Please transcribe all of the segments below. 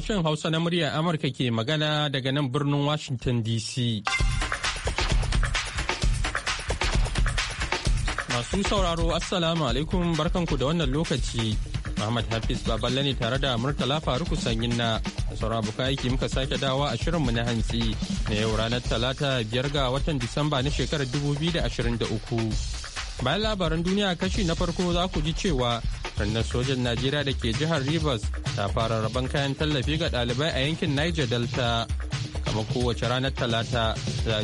Sashen Hausa na muryar Amurka ke magana daga nan birnin Washington DC. Masu sauraro Assalamu alaikum barkanku da wannan lokaci. Muhammad Hafiz Baballe ne tare da Murtala Faruku Sanyin na sauran buka aiki muka sake dawa a shirinmu na hantsi na yau ranar Talata biyar ga watan Disamba na shekarar 2023. Bayan labaran duniya kashi na farko za ku ji cewa rundunar sojan najeriya da ke jihar rivers ta fara rabon kayan tallafi ga dalibai a yankin niger delta kamar kowace ranar talata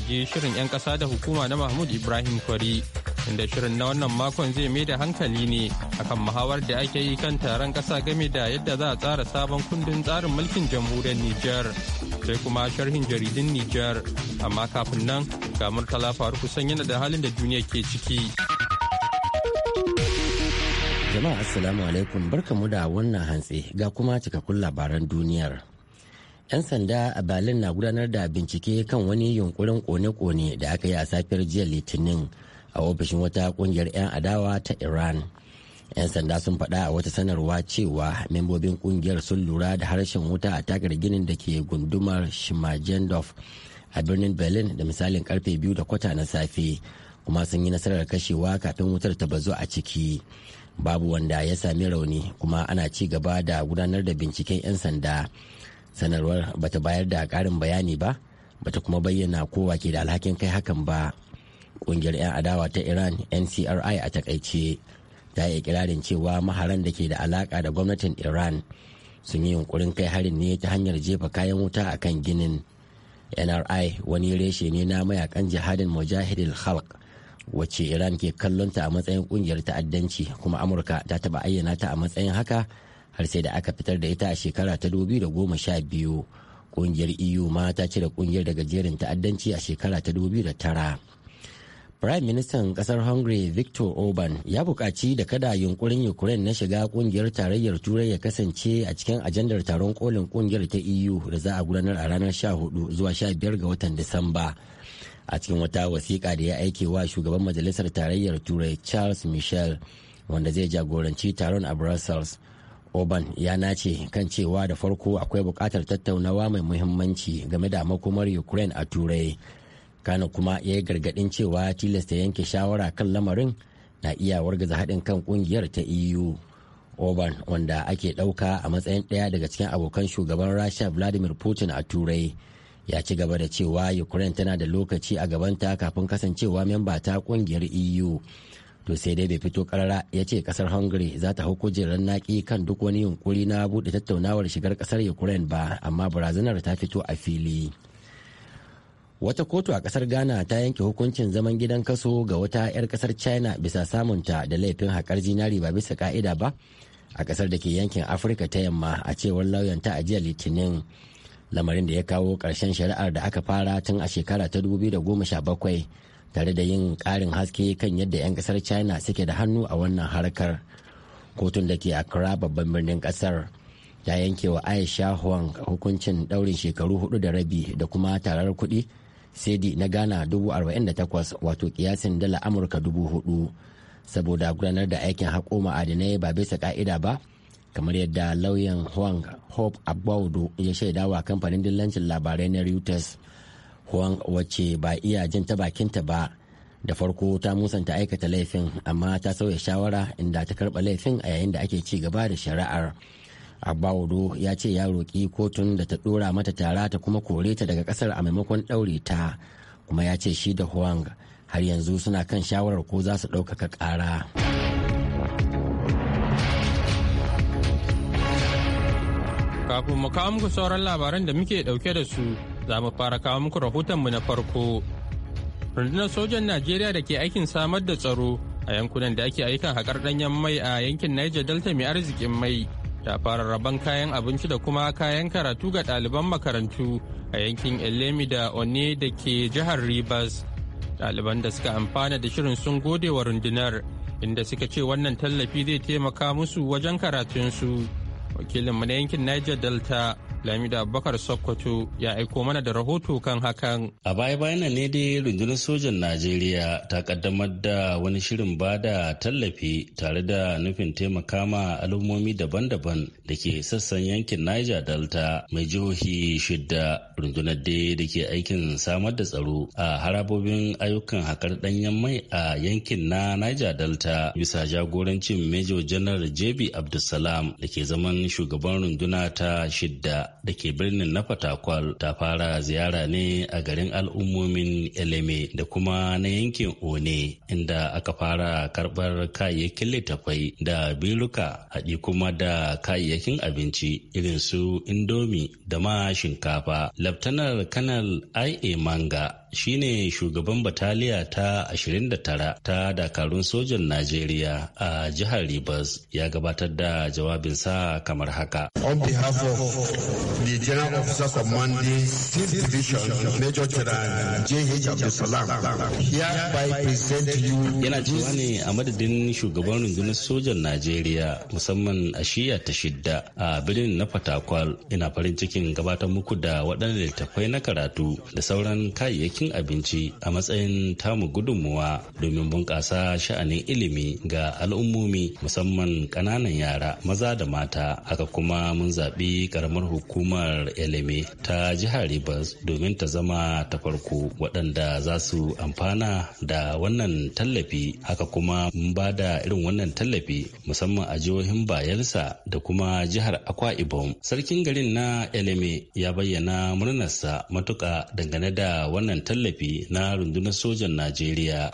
je shirin 'yan kasa da hukuma na mahmud ibrahim kwari inda shirin na wannan makon zai mai da hankali ne akan muhawar da ake yi kan taron kasa game da yadda za a tsara sabon kundin tsarin mulkin jamhuriyar nijar sai kuma sharhin jaridun nijar amma kafin nan ga murtala faru kusan yana da halin da duniya ke ciki. Jama'a Assalamu alaikum barka barkamu da wannan hantsi ga kuma cikakkun labaran duniyar. 'Yan sanda a Berlin na gudanar da bincike kan wani yunkurin kone-kone da aka yi a safiyar jiya Litinin a ofishin wata kungiyar 'yan adawa ta Iran. 'Yan sanda sun faɗa a wata sanarwa cewa membobin kungiyar sun lura da harshen wuta a takar ginin da ke gundumar Shimajendorf a birnin Berlin da misalin karfe biyu da kwata na safe kuma sun yi nasarar kashewa kafin wutar ta bazu a ciki. babu wanda ya sami rauni kuma ana ci gaba da gudanar da binciken 'yan sanda sanarwar bata bayar da karin bayani ba bata kuma bayyana kowa ke da alhakin kai hakan ba kungiyar 'yan adawa ta iran ncri a takaice ta yi kirarin cewa maharan da ke da alaka da gwamnatin iran sun yi yunkurin kai harin ne ta hanyar jefa kayan wuta a kan ginin nri wani reshe ne na mayakan jihadin mujahidin khalq wacce iran ke kallonta a matsayin kungiyar ta'addanci kuma amurka ta taba ayyana ta a matsayin haka har sai da aka fitar da ita a shekara ta 2012 kungiyar eu ma ta cire kungiyar daga jerin ta'addanci a shekara ta tara. Prime Ministan kasar Hungary Victor Orban ya buƙaci da kada yunkurin Ukraine na shiga kungiyar tarayyar Turai ya kasance a cikin ajandar taron kolin kungiyar ta EU da za a gudanar a ranar sha hudu zuwa 15 ga watan Disamba. a cikin wata wasiƙa da ya aike wa shugaban majalisar tarayyar turai charles michel wanda zai jagoranci taron a brussels oban ya nace kan cewa da farko akwai buƙatar tattaunawa mai muhimmanci game da makomar ukraine a turai kano kuma ya yi gargaɗin cewa tilasta yanke shawara kan lamarin na iya wargaza haɗin kan ƙungiyar ta eu oban wanda ake ɗauka a matsayin ɗaya daga cikin abokan shugaban rasha vladimir putin a turai ya ci gaba da cewa ukraine tana da lokaci a gabanta kafin kasancewa memba ta kungiyar eu to sai dai bai fito karara ya ce kasar hungary za ta hau kujerar naki kan duk wani yunkuri na buɗe tattaunawar shigar kasar ukraine ba amma barazanar ta fito a fili wata kotu a kasar ghana ta yanke hukuncin zaman gidan kaso ga wata 'yar kasar china bisa samunta da laifin haƙar zinari ba bisa ka'ida ba a kasar da ke yankin afirka ta yamma a cewar lauyanta a jiya litinin lamarin da ya kawo ƙarshen shari'ar da aka fara tun a shekara ta 2017 tare da yin ƙarin haske kan yadda 'yan ƙasar china suke da hannu a wannan harkar kotun da ke accra babban birnin ƙasar ya yanke wa aisha huang hukuncin ɗaurin shekaru hudu da rabi da kuma tarar kuɗi sedi na ghana 48,000 wato kiyasin dala amurka 4,000 saboda gudanar da aikin haƙo ma'adinai ba bisa ƙa'ida ba kamar yadda lauyan huang hope agbaudu ya shaida wa kamfanin dillancin labarai na reuters huang wacce ba iya jin ta bakinta ba da farko ta musanta aikata laifin amma ta sauya shawara inda ta karba laifin a yayin da ake ci gaba da shari'ar agbaudu ya ce ya roƙi kotun da ta dora mata tara ta kuma kore ta daga ƙasar a maimakon ɗaure ta kuma ya ce shi da huang har yanzu suna kan shawarar ko za su ɗaukaka ƙara. Kafin mu kawo muku sauran labaran da muke ɗauke da su, za mu fara kawo muku mu na farko. Rundunar sojan Najeriya da ke aikin samar da tsaro a yankunan da ake aikin haƙar ɗanyen mai a yankin Niger Delta mai arzikin mai. Ta fara rabon kayan abinci da kuma kayan karatu ga ɗaliban makarantu a yankin Elemi da One da ke jihar Rivers. Ɗaliban da suka amfana da shirin sun gode wa rundunar, inda suka ce wannan tallafi zai taimaka musu wajen karatunsu. su. wakilin mu na yankin Niger Delta Lamida Bakar Sokoto ya aiko mana da rahoto kan hakan. A baya bayan nan ne dai rundunar sojan Najeriya ta kaddamar da wani shirin ba da tallafi tare da nufin taimaka ma al'ummomi daban-daban da ke sassan yankin Niger Delta mai jihohi shidda rundunar dai da ke aikin samar da tsaro a harabobin ayyukan hakar danyen mai a yankin na Niger Delta bisa jagorancin Major General JB Abdulsalam da ke zaman shugaban runduna ta shidda da ke birnin na fatakwal ta fara ziyara ne a garin al'ummomin eleme da kuma na yankin one inda aka fara karbar kayayyakin littafai da biluka haɗi kuma da kayayyakin abinci irin su indomi da ma shinkafa laftanar kanal ia manga shine shugaban bataliya ta 29 ta dakarun sojan Najeriya a jihar Rivers ya gabatar da jawabinsa kamar haka. On behalf of the General Officer Commanding Division, Major General J.H. Yana cewa ne a madadin shugaban rundunar sojan Najeriya musamman a shiya ta shidda a birnin na Fatakwal ina farin cikin gabatar muku da waɗanda littattafai na karatu da sauran kayayyakin cin abinci a matsayin tamu gudunmuwa domin bunƙasa sha'anin ilimi ga al'ummomi musamman ƙananan yara maza da mata haka kuma mun zaɓi ƙaramar hukumar ilimi ta jihar Rivers domin ta zama ta farko waɗanda za su amfana da wannan tallafi haka kuma mun ba da irin wannan tallafi musamman a jihohin Bayelsa da kuma jihar Akwa Ibom. Sarkin garin na Eleme ya bayyana murnarsa matuƙa dangane da wannan tallafi tallafi na rundunar sojan Najeriya.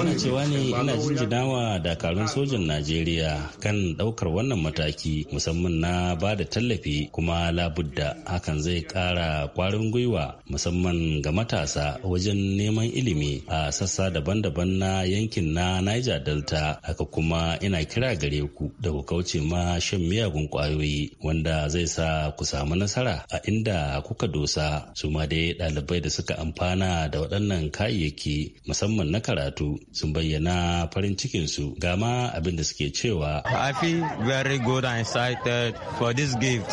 Ina cewa ne ina jinjinawa dakarun sojan Najeriya kan ɗaukar wannan mataki musamman na ba da tallafi kuma labudda hakan zai ƙara kwarin gwiwa musamman ga matasa wajen neman ilimi a sassa daban-daban na yankin na Niger Delta haka kuma ina kira gare ku da ku kauce ma shan miyagun kwayoyi wanda zai sa ku samu nasara a inda kuka suka dosa su ma dai ɗalibai da suka amfana da waɗannan kayayyaki musamman na karatu sun bayyana farin cikinsu ga ma abin da suke cewa. I feel very good and excited for this gift.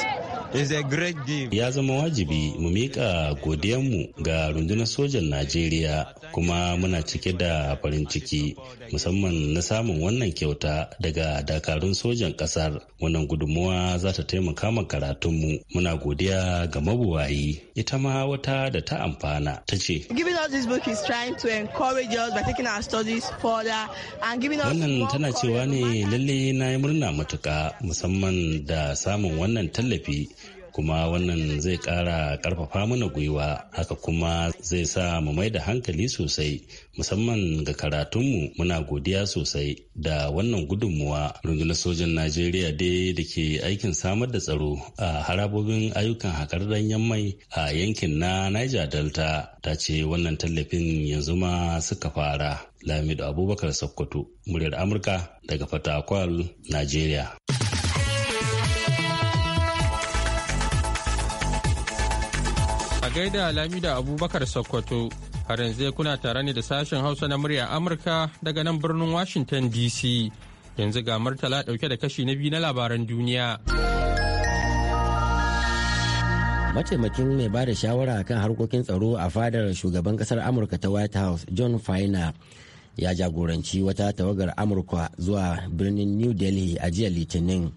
Ya zama wajibi mu miƙa godiyanmu ga rundunar sojan Najeriya kuma muna cike da farin ciki musamman na samun wannan kyauta daga dakarun sojan ƙasar. Wannan gudunmuwa za ta taimaka ma karatunmu. Muna godiya ga mabuwayi. Ita ma wata da ta amfana ta ce. Wannan tana cewa ne lalle na yi murna matuƙa musamman da samun wannan tallafi kuma wannan zai ƙara ƙarfafa mana gwiwa haka kuma zai sa mu mai da hankali sosai musamman ga karatunmu muna godiya sosai da wannan gudunmuwa rundunar sojan najeriya dai da ke aikin samar da tsaro a harabobin ayyukan haƙar danyen mai a yankin na niger delta ta ce wannan tallafin yanzu ma suka fara lamidu abubakar sokoto muryar amurka daga fatakwal najeriya gaida da Abubakar Sokoto. Har yanzu kuna tare ne da sashen Hausa na murya Amurka daga nan birnin Washington DC. Yanzu ga Murtala ɗauke da kashi na biyu na labaran duniya. Mataimakin mai ba da shawara kan harkokin tsaro a fadar shugaban kasar Amurka ta White House John Faina ya jagoranci wata tawagar Amurka zuwa birnin New Delhi a jiya Litinin,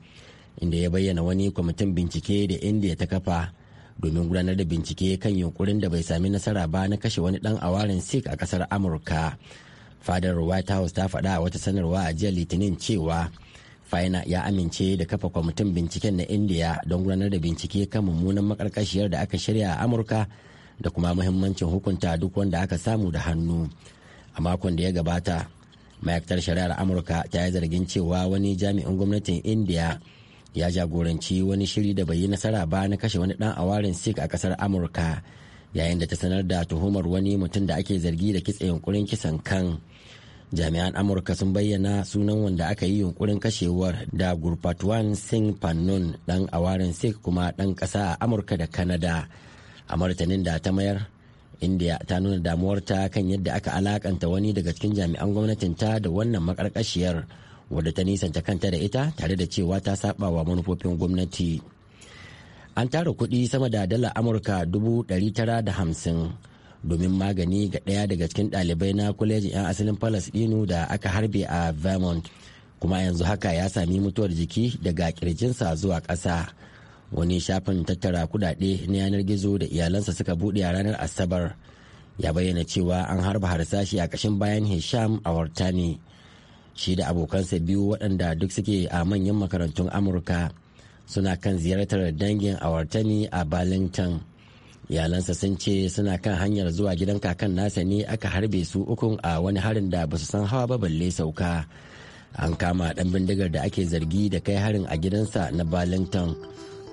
inda ya bayyana wani kwamitin bincike da India ta kafa. domin gudanar da bincike kan yunkurin da bai sami nasara ba na kashe wani dan awarin sikh a kasar amurka fadar white house ta faɗa a wata sanarwa a jiya litinin cewa faina ya amince da kafa kwamitin binciken na indiya don gudanar da bincike kan mummunan makarkashiyar da aka shirya a amurka da kuma muhimmancin hukunta duk wanda aka samu da hannu a makon da ya gabata ma'aikatar shari'ar amurka ta yi zargin cewa wani jami'in gwamnatin indiya ya jagoranci wani shiri da bai yi nasara ba na kashe wani dan awarin sikh a kasar amurka yayin da ta sanar da tuhumar wani mutum da ake zargi da kitse yunkurin kisan kan jami'an amurka sun bayyana sunan wanda aka yi yunkurin kashewar da gurpatuan singh pannon dan awarin sikh kuma dan kasa a amurka da kanada a martanin da ta mayar india ta nuna damuwarta kan yadda aka alakanta wani daga cikin jami'an gwamnatin ta da wannan makarkashiyar wadda ta nisanta kanta da ita tare da cewa ta saba wa manufofin gwamnati an tara kuɗi sama da dala amurka 950 domin magani ga ɗaya daga cikin ɗalibai na kwalejin 'yan asalin palestino da aka harbe a vermont kuma yanzu haka ya sami mutuwar jiki daga kirjinsa zuwa ƙasa wani shafin tattara kudade na yanar gizo da iyalansa suka buɗe a ranar asabar ya bayyana cewa an harba harsashi a ƙashin bayan hisham a wartani shi da abokansa biyu waɗanda duk suke a manyan makarantun amurka suna kan ziyartar dangin awartani a balintan iyalansa sun ce suna kan hanyar zuwa gidan kakan nasa ne aka harbe su ukun a wani harin da ba su san hawa ba balle sauka an kama ɗan bindigar da ake zargi da kai harin a gidansa na balintan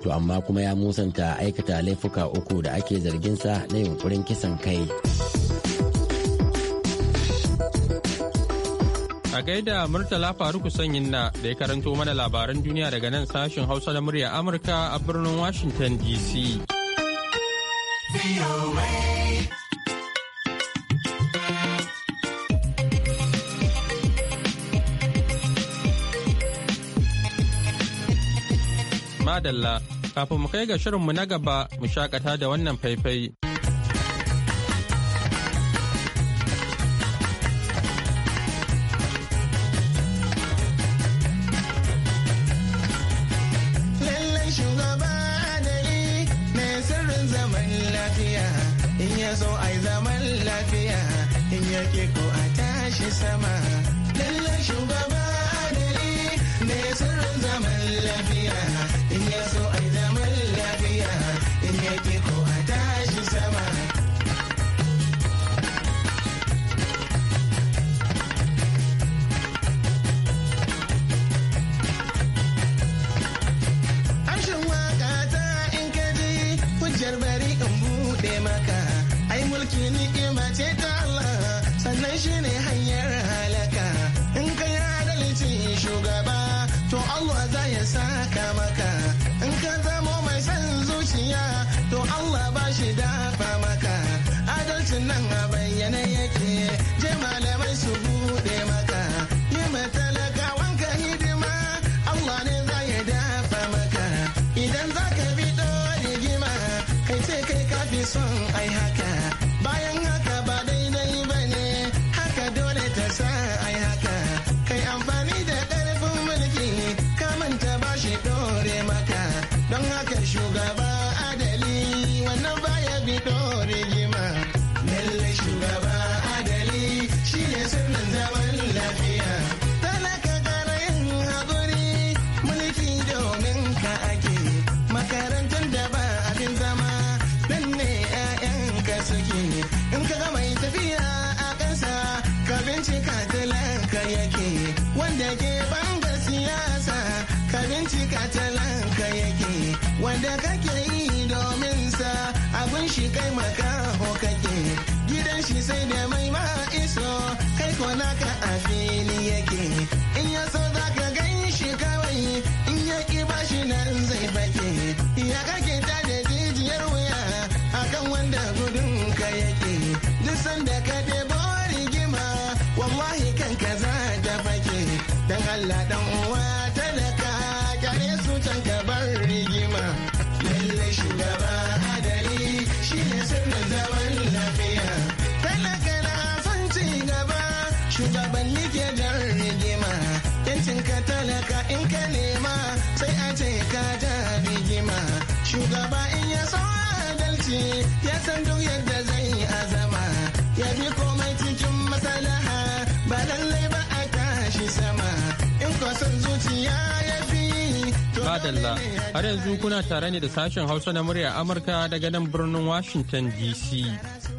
to amma kuma ya musanta aikata laifuka uku da ake zarginsa na yunkurin kisan kai. A gaida Murtala Faruku Sanyin na da ya karanto mana labaran duniya daga nan sashen Hausa na murya Amurka a birnin Washington DC. Madalla, kafin mu kai ga shirinmu na gaba mu shakata da wannan faifai. shi sama wanda ke banga siyasa ka cika talanka yake wanda kake yi domin sa abun shi kai maka madalla har yanzu kuna tare ne da sashen hausa na murya amurka daga nan birnin washington dc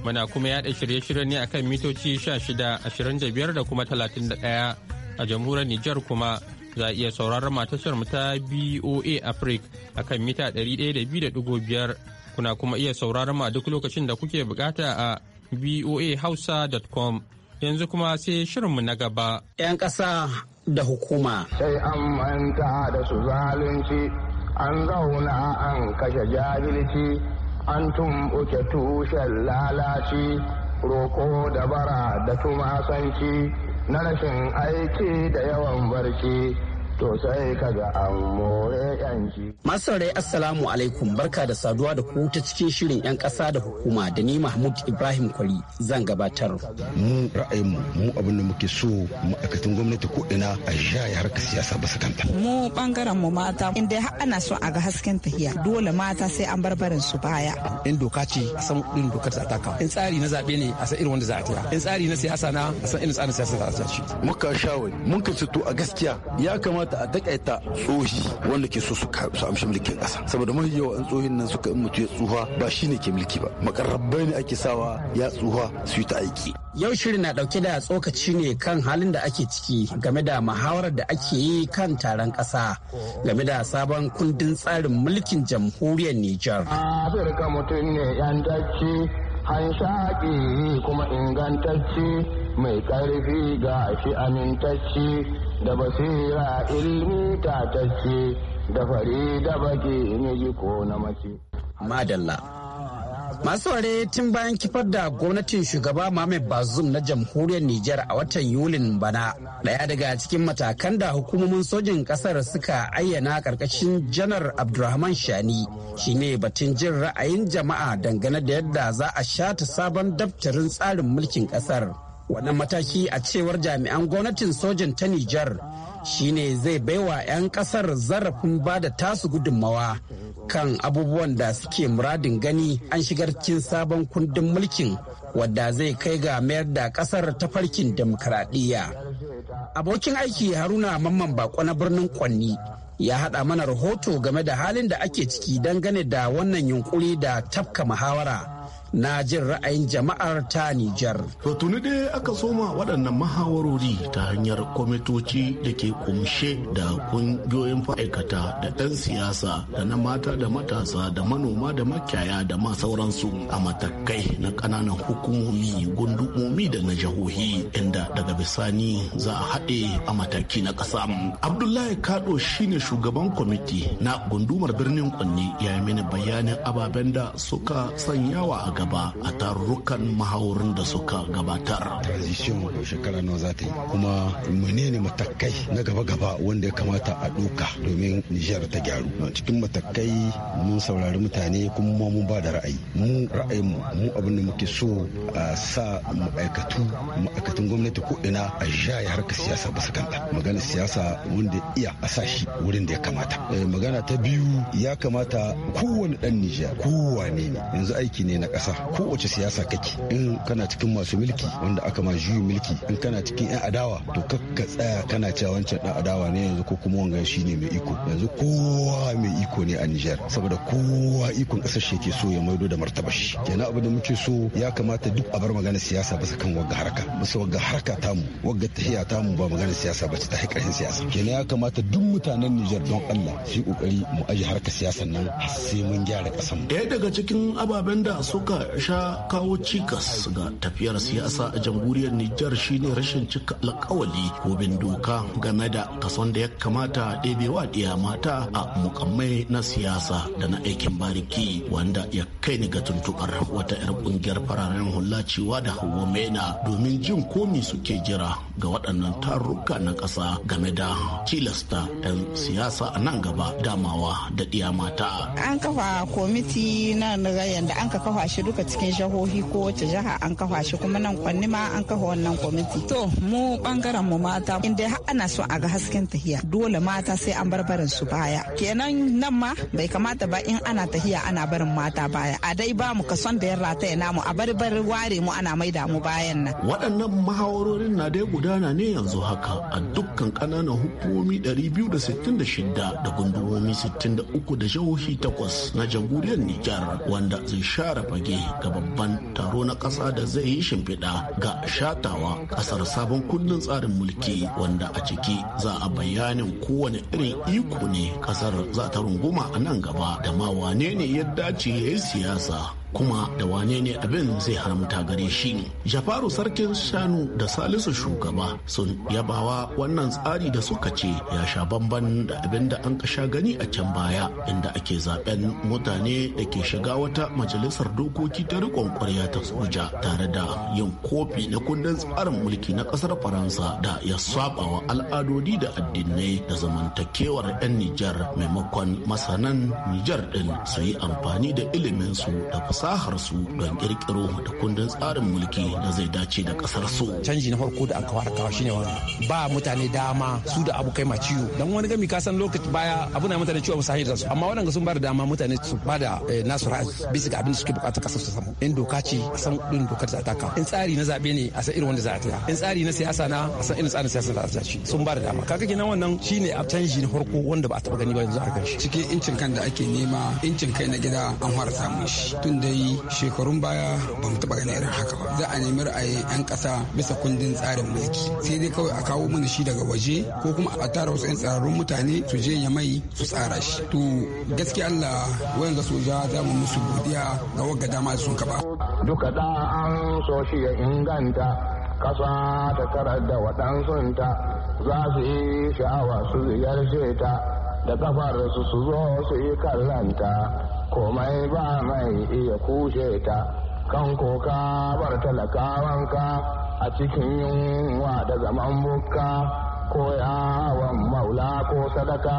muna kuma yada shirye-shirye ne akan mitoci 16 25 da kuma 31 a jamhuriyar nijar kuma za iya sauraron matashar ta BOA Africa akan mita 102.5 kuna kuma iya sauraron ma duk lokacin da kuke bukata a boahausa.com yanzu kuma sai shirinmu na gaba. 'Yan ƙasa da hukuma. Sai an manta da su zalunci, an zauna an kashe jahilci, an tumɓuke tushen lalaci, roko da bara da tumasanci, na rashin aiki da yawan barci. to sai ka ga an more yanki. Masarai Assalamu alaikum barka da saduwa da ku ta cikin shirin 'yan ƙasa da hukuma da ni Mahmud Ibrahim Kwari zan gabatar. Mu ra'ayinmu mu abin da muke so ma'aikatan gwamnati ko ina a jaye harkar siyasa ba su kanta. Mu bangaren mu mata inda har ana so a ga hasken tahiya dole mata sai an barbarin su baya. In doka ce a san irin dokar za ta kawo. In tsari na zaɓe ne a san irin wanda za a taya. In tsari na siyasa na a san irin tsarin siyasa za a taya. Muka shawari mun ka a gaskiya ya kamata kamata a takaita tsohi wanda ke so su amshi mulkin kasa saboda mafi yawa an tsohin nan suka in mutu ya tsuha ba shine ke mulki ba makarrabai ne ake sawa ya tsuha su yi ta aiki yau shirin na dauke da tsokaci ne kan halin da ake ciki game da muhawarar da ake yi kan taron ƙasa game da sabon kundin tsarin mulkin jamhuriyar Nijar. Afirka mutum ne yantacci, hanshaƙi kuma ingantacci mai ƙarfi ga shi amintacci da basira ilmi tatacce da fari da baki ji ko na mace. Madalla. Masu ware tun bayan kifar da gwamnatin shugaba Mohamed Bazoum na jamhuriyar Nijar a watan Yulin bana, Daya daga cikin matakan da hukumomin sojin kasar suka ayyana ƙarƙashin janar Abdulrahman Shani shine batun jin ra'ayin jama'a dangane da yadda za a shata sabon daftarin tsarin mulkin ƙasar. wannan mataki a cewar jami'an gwamnatin sojan ta nijar shine zai baiwa 'yan kasar zarafin ba da tasu gudunmawa kan abubuwan da suke muradin gani an shigar cikin sabon kundin mulkin wadda zai kai ga mayar da kasar ta farkin demokradiyya abokin aiki haruna mamman bako na birnin kwanni ya haɗa mana rahoto game da halin da ake ciki dangane da wannan yunkuri da tafka muhawara na jin ra'ayin jama'ar ta Nijar. To tuni dai aka soma waɗannan mahawarori ta hanyar kwamitoci da ke kumshe da kungiyoyin fa'aikata da ɗan siyasa da na mata da matasa da manoma da makiyaya da ma sauransu a matakai na ƙananan hukumomi gundumomi da na jahohi inda daga bisani za a haɗe a mataki na ƙasa. Abdullahi Kado shine shugaban kwamiti na gundumar birnin Kunni ya yi mini bayanin ababen da suka sanyawa a gaba. gaba a tarurrukan mahaurin da suka gabatar. Transition shekara nawa za ta yi kuma menene matakai na gaba-gaba wanda ya kamata a ɗuka. domin Nijar ta gyaru. Cikin matakai mun saurari mutane kuma mun ba da ra'ayi. Mu ra'ayin mu abin da muke so a sa ma'aikatu ma'aikatun gwamnati ko ina a jaye harkar siyasa ba su kanta. Magana siyasa wanda iya a sa shi wurin da ya kamata. Eh, magana ta biyu ya kamata kowane ɗan Nijar kowane ne yanzu aiki ne na ƙasa kowace siyasa kake in kana cikin masu mulki wanda aka ma juyi mulki in kana cikin yan adawa to kakka tsaya kana cewa wancan dan adawa ne yanzu ko kuma wanga shine mai iko yanzu kowa mai iko ne a Niger saboda kowa ikon kasar shi yake so ya maido da martaba shi kenan abin da muke so ya kamata duk a bar magana siyasa bisa kan wagga haraka ta wagga haraka mu wagga tahiya mu ba magana siyasa ba ta ta haƙarin siyasa kenan ya kamata duk mutanen Niger don Allah su yi kokari mu aje harka siyasa nan sai mun gyara kasar daya daga cikin ababen da suka sha kawo cikas ga tafiyar siyasa a jamhuriyar Nijar shine rashin cika alkawali ko bin doka game da kason da ya kamata ɗebewa ɗiya mata a mukammai na siyasa da na aikin bariki wanda ya kai ni ga tuntubar wata 'yar kungiyar fararen hula cewa da hawa mena domin jin komi suke jira ga waɗannan taruka na ƙasa game da cilasta 'yan siyasa a nan gaba damawa da ɗiya mata. An kafa komiti na rayan da an ka kafa shi duka cikin jihohi ko wace jiha an kafa shi kuma nan kwanni ma an kafa wannan kwamiti to mu bangaren mu mata inda har ana so a ga hasken tahiya dole mata sai an bar barin su baya kenan nan ma bai kamata ba in ana tahiya ana barin mata baya a dai ba mu kason da ya rataya mu a bar bar ware mu ana maida mu bayan nan waɗannan mahawarorin na dai gudana ne yanzu haka a dukkan ƙananan hukumomi 266 da gundumomi 63 da jihohi 8 na jamhuriyar Nijar wanda zai share fage ne ga babban taro na ƙasa da zai yi shimfiɗa ga shatawa ƙasar sabon kundin tsarin mulki wanda a ciki za a bayanin kowane irin iko ne ƙasar za ta runguma a nan gaba da ma wane ne ya dace ya yi siyasa kuma da wane ne abin zai haramta gare shi jafaru sarkin shanu da salisu shugaba sun yabawa wannan tsari da suka ce ya sha bamban da abin da an kasha gani a can baya inda ake zaben mutane da ke shiga wata majalisar dokoki ta rikon kwarya ta soja tare da yin kofi na kundin tsarin mulki na kasar faransa da ya saba al'adodi da addinai da zamantakewar 'yan nijar maimakon masanan nijar din su yi amfani da iliminsu da fasa fasahar su don kirkiro da kundin tsarin mulki da zai dace da kasar su canji na farko da aka fara kawo shine wani ba mutane dama su da abu kai ma ciwo dan wani gami ka san lokaci baya abu na mutane ciwo musahi da su amma waɗanda sun ba da dama mutane su ba da eh, nasu ra'ayi bisa ga abin da suke bukata kasar su samu in doka ce a san din dokar za ta in tsari na zabe ne a san irin wanda za a taya in tsari na siyasa na a san irin tsarin siyasa za a ci sun ba da dama kaga kenan wannan shine a canji na farko wanda ba a taba gani ba yanzu a gan cikin incin kan da ake nema incin kai na gida an fara samun shi tun da dai shekarun baya ba mu taɓa ganin irin haka ba za a nemi ra'ayin 'yan ƙasa bisa kundin tsarin mulki sai dai kawai a kawo mana shi daga waje ko kuma a tara wasu 'yan tsararrun mutane su je ya mai su tsara shi to gaskiya Allah wayan ga soja za mu musu godiya ga wagga dama sun ba. duka da an so shi ya inganta kasa ta karar da waɗansunta za su yi sha'awa su ziyarce ta da kafar su su zo su yi kallanta komai ba mai iya kushe ta kan koka bar talakawanka a cikin yunwa da zaman bukka ko yawon maula ko sadaka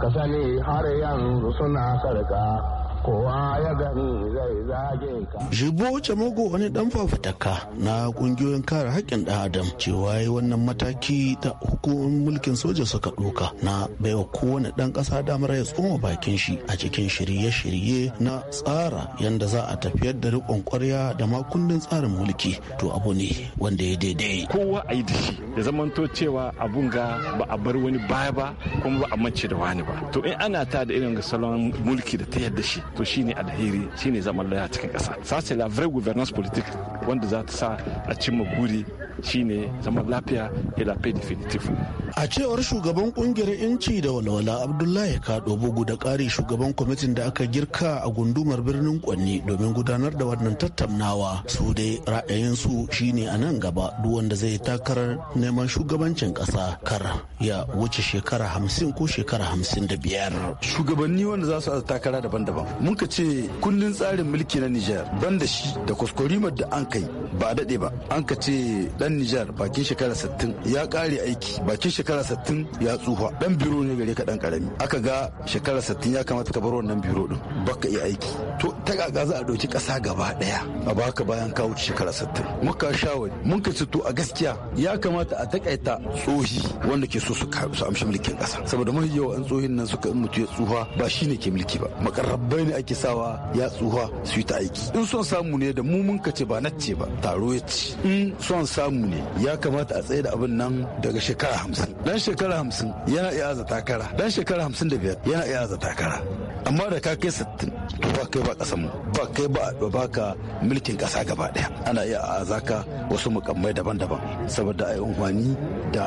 ka sani har yanzu suna sarka kowa ya gani hmm, zai zage ka. Jibo wani dan fafutaka na kungiyoyin kare haƙƙin ɗan adam cewa yi wannan mataki ta hukumomin mulkin soja suka ɗoka na baiwa kowane ɗan ƙasa damar ya tsoma bakin shi a cikin shirye-shirye na tsara yadda za a tafiyar da rikon ƙwarya da ma tsarin mulki to abu ne wanda ya daidai. Kowa a yi da shi ya zamanto cewa abun ga ba a bar wani baya ba kuma ba a mace da wani ba. To in ana ta da irin salon mulki da ta yadda shi to shine alheri shine zaman lafiya cikin ƙasa sace la vraie gouvernance politique wanda za ta sa a cimma guri shine zaman lafiya ya pay definitif. a cewar shugaban kungiyar yanci da walwala abdullahi kado bugu da ƙari shugaban kwamitin da aka girka a gundumar birnin kwanni domin gudanar da wannan tattaunawa su dai ra'ayinsu shine a nan gaba duk wanda zai takarar neman shugabancin ƙasa kar ya wuce shekara hamsin ko shekara hamsin da biyar shugabanni wanda za su takara daban-daban mun ka ce kundin tsarin mulki na nijar ban da shi da kuskurimar da an kai ba a daɗe ba an ka ce dan Nijar bakin shekara 60 ya kare aiki bakin shekara 60 ya tsufa dan biro ne gare ka dan karami aka ga shekara 60 ya kamata ka bar wannan biro din baka iya aiki to ta gaga za a dauki kasa gaba daya a baka bayan ka wuce shekara 60 muka shawari mun ka to a gaskiya ya kamata a takaita tsohi wanda ke so su amshi mulkin kasa saboda mun wa an tsohin nan suka mutu ya tsufa ba shine ke mulki ba makarrabai ne ake sawa ya tsufa su yi ta aiki in son samu ne da mu mun ka ce ba na ce ba taro ya ci in son samu mu ne ya kamata a tsaye da abin nan daga shekara hamsin dan shekara hamsin yana iya aza takara dan shekara hamsin da biyar yana iya aza takara amma da ka kai sittin to ba kai ba mu. ba kai ba ba ka mulkin kasa gaba daya ana iya aza ka wasu mukammai daban-daban saboda a yi amfani da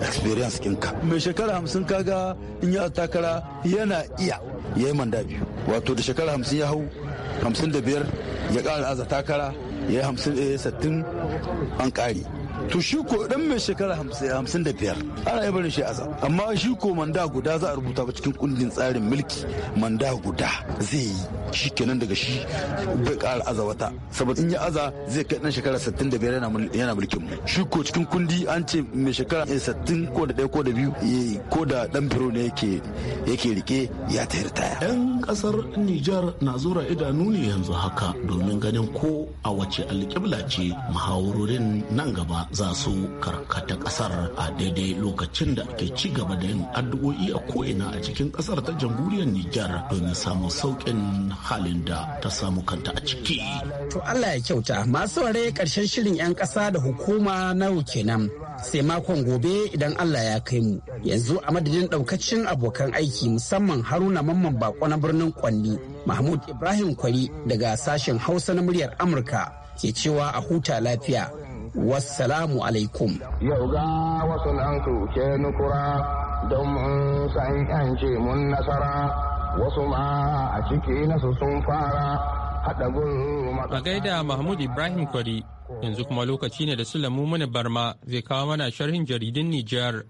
experience kinka mai shekara hamsin kaga in ya takara yana iya ya yi manda biyu wato da shekara hamsin ya hau hamsin da biyar ya kara aza takara ya yi hamsin ya eh, yi sattin an ƙari to shi ko dan mai shekara hamsin da biyar ana yi shi aza amma shi ko manda guda za a rubuta ba cikin kundin tsarin mulki manda guda zai yi shi kenan daga shi bai kara aza wata saboda in ya aza zai kai dan shekara sittin da biyar yana mulkin mu shi ko cikin kundi an ce mai shekara sittin ko da ɗaya ko da biyu ko da dan biro ne yake yake rike ya ta ritaya. yan kasar nijar na zura idanu ne yanzu haka domin ganin ko a wace alƙibla ce muhawarorin nan gaba za su karkata kasar a daidai lokacin da ake ci gaba da yin addu'o'i a ko'ina a cikin kasar ta jamhuriyar Nijar domin samun sauƙin halin da ta samu kanta a ciki. To Allah ya kyauta masu ware ƙarshen shirin 'yan ƙasa da hukuma na kenan sai makon gobe idan Allah ya kai mu. Yanzu a madadin ɗaukacin abokan aiki musamman Haruna Mamman Bako na birnin Kwanni, Mahmud Ibrahim Kwari daga sashen Hausa na muryar Amurka ke cewa a huta lafiya. wassalamu alaikum yau ga wasu nan su ke nukura don mun san yance mun nasara wasu ma a ciki nasu sun fara haɗa a gaida mahmud ibrahim kwari yanzu kuma lokaci ne da sulamu mana barma zai kawo mana sharhin jaridin nijar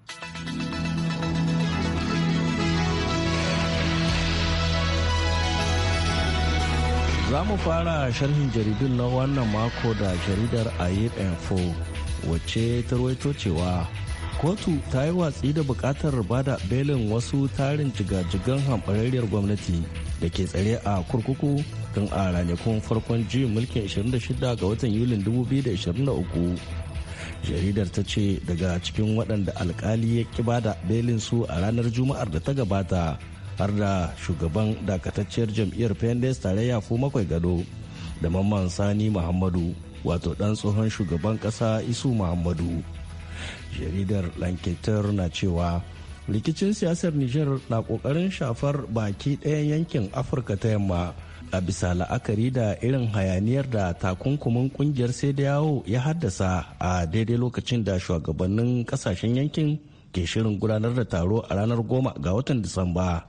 Za mu fara sharhin jaridun na wannan mako da jaridar Ayib Info wacce ta rawaito cewa kotu ta yi watsi da bukatar bada belin wasu tarin jigajigan hambarariyar gwamnati da ke tsare a kurkuku kan a ranakun farkon juyin mulkin 26 ga watan yulin 2023. jaridar ta ce daga cikin waɗanda alkali ya ki bada belin su a ranar juma'ar da ta gabata har da shugaban dakatacciyar jam'iyyar pendes tarayya makwai gado da mamman sani muhammadu wato dan tsohon shugaban kasa isu muhammadu jaridar lanketer na cewa rikicin siyasar niger na kokarin shafar baki ɗayan yankin afirka ta yamma a bisa la'akari da irin hayaniyar da takunkumin kungiyar sai da yawo ya haddasa a daidai lokacin da shugabannin kasashen yankin ke shirin gudanar da taro a ranar goma ga watan disamba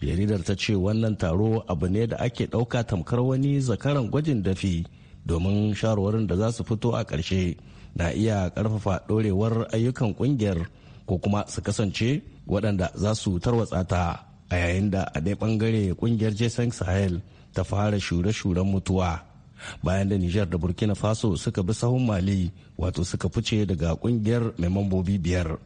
jaridar ta ce wannan taro abu ne da ake ɗauka tamkar wani zakaran gwajin dafi domin shawarwarin da za su fito a ƙarshe na iya ƙarfafa ɗorewar ayyukan ƙungiyar ko kuma su kasance waɗanda za su tarwatsa ta a yayin da a ɗaya ɓangare ƙungiyar jason sahel ta fara shure-shuren mutuwa bayan da nijar da burkina faso suka bi sahun mali wato suka fice daga ƙungiyar mai mambobi biyar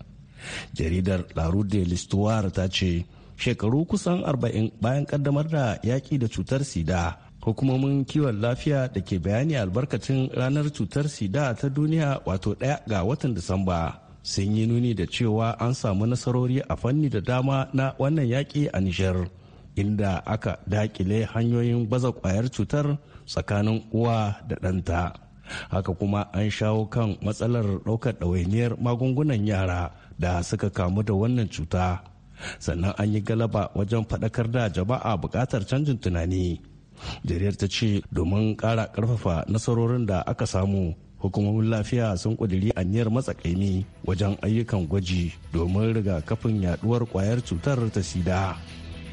jaridar larude rue ta ce shekaru kusan arba'in bayan kaddamar da yaƙi da cutar sida hukumomin kiwon lafiya da ke bayani albarkacin ranar cutar sida ta duniya wato ɗaya ga watan disamba sun yi nuni da cewa an samu nasarori a fanni da dama na wannan yaƙi a nijar inda aka dakile hanyoyin baza kwayar cutar tsakanin uwa da ɗanta haka kuma an shawo kan matsalar ɗaukar ɗawainiyar magungunan yara da suka kamu da wannan cuta sannan an yi galaba wajen faɗakar da jama'a buƙatar canjin tunani jariyar ta ce domin ƙara ƙarfafa nasarorin da aka samu hukumomin lafiya sun ƙudiri a aniyar matsakaimi wajen ayyukan gwaji domin rigakafin yaduwar kwayar cutar ta sida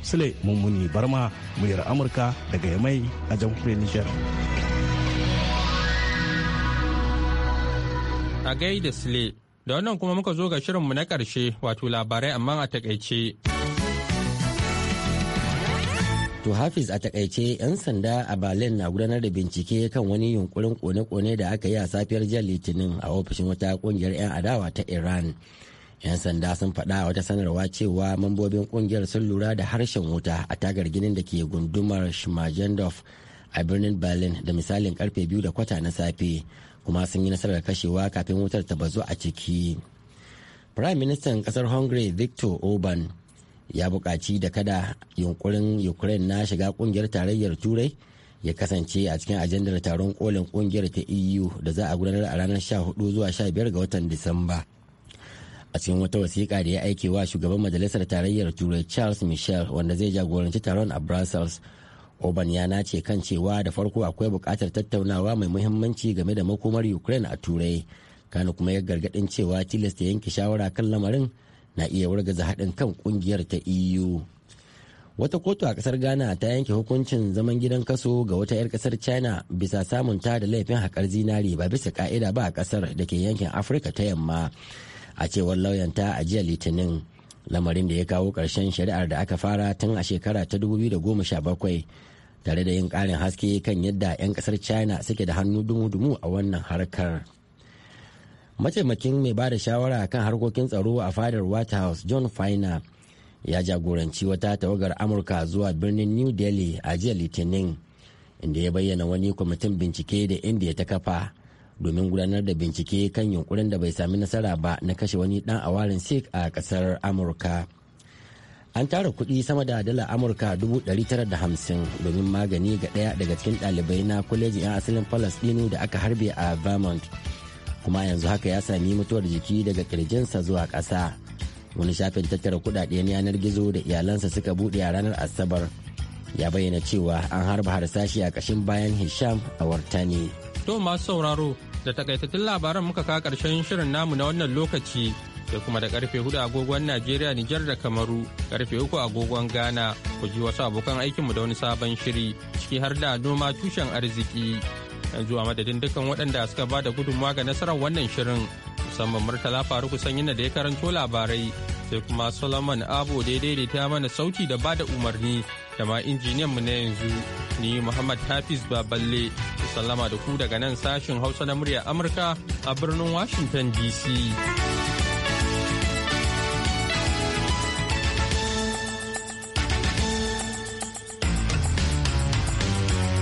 sule mummuni barma muyar amurka daga yamai a jamhuriyar nijar a gaida sule Da wannan kuma muka zo ga shirinmu na ƙarshe wato labarai amma a takaice. To Hafiz a takaice 'yan sanda a Berlin na gudanar da bincike kan wani yunkurin kone-kone da aka yi a safiyar jiya Litinin a ofishin wata kungiyar 'yan adawa ta Iran. 'Yan sanda sun faɗa a wata sanarwa cewa mambobin kungiyar sun lura da harshen wuta a tagar ginin da ke gundumar shmajendorf a birnin Berlin da misalin karfe biyu da kwata na safe. kuma sun yi nasarar kashewa kafin wutar ta bazu a ciki prime Minister kasar hungary victor orban ya buƙaci da kada yunkurin ukraine na shiga kungiyar tarayyar turai ya kasance a cikin ajandar taron kolin kungiyar ta eu da za a gudanar a ranar 14 zuwa 15 ga watan disamba a cikin wata wasiƙa da ya aike wa shugaban majalisar tarayyar turai charles michel wanda zai jagoranci taron a brussels Oban ya nace kan cewa da farko akwai bukatar tattaunawa mai muhimmanci game da makomar Ukraine a Turai. Kano kuma ya gargaɗin cewa tilasta yanke shawara kan lamarin na iya wargaza haɗin kan ƙungiyar ta EU. Wata kotu a ƙasar Ghana ta yanke hukuncin zaman gidan kaso ga wata 'yar ƙasar China bisa samun ta da laifin haƙar zinari ba bisa ƙa'ida ba a ƙasar da ke yankin Afirka ta yamma. A cewar lauyanta a jiya Litinin. lamarin da ya kawo ƙarshen shari'ar da aka fara tun a shekara ta 2017 tare da yin ƙarin haske kan yadda 'yan ƙasar china suke da hannu dumu-dumu a wannan harkar mataimakin mai ba da shawara kan harkokin tsaro a fadar white house john finer ya jagoranci wata tawagar amurka zuwa birnin new delhi a jiya litinin inda ya bayyana wani kwamitin bincike da india ta kafa domin gudanar da bincike kan yunkurin da bai sami nasara ba na kashe wani dan awarin sikh a kasar amurka an tara kuɗi sama da dala amurka 950 domin magani ga ɗaya daga cikin ɗalibai na kwalejin 'yan asalin falastinu da aka harbe a vermont kuma yanzu haka ya sami mutuwar jiki daga kirjinsa zuwa ƙasa wani shafin tattara kuɗaɗen yanar gizo da iyalansa suka buɗe a ranar asabar ya bayyana cewa an harba harsashi a ƙashin bayan hisham a wartani to masu sauraro da takaitattun labaran muka kawo karshen shirin namu na wannan lokaci sai kuma da karfe hudu agogon Najeriya Nijar da Kamaru karfe uku agogon Ghana ku ji wasu abokan aikinmu da wani sabon shiri ciki har da noma tushen arziki yanzu a madadin dukkan waɗanda suka ba da gudunmawa ga nasarar wannan shirin musamman Murtala Faruku Sanyin da ya karanto labarai sai kuma Solomon Abo da ya daidaita mana sauti da ba da umarni da ma injiniyan mu na yanzu. Ni Muhammad Hafiz Baballe, sallama da ku daga nan sashin Hausa na murya Amurka a birnin Washington DC.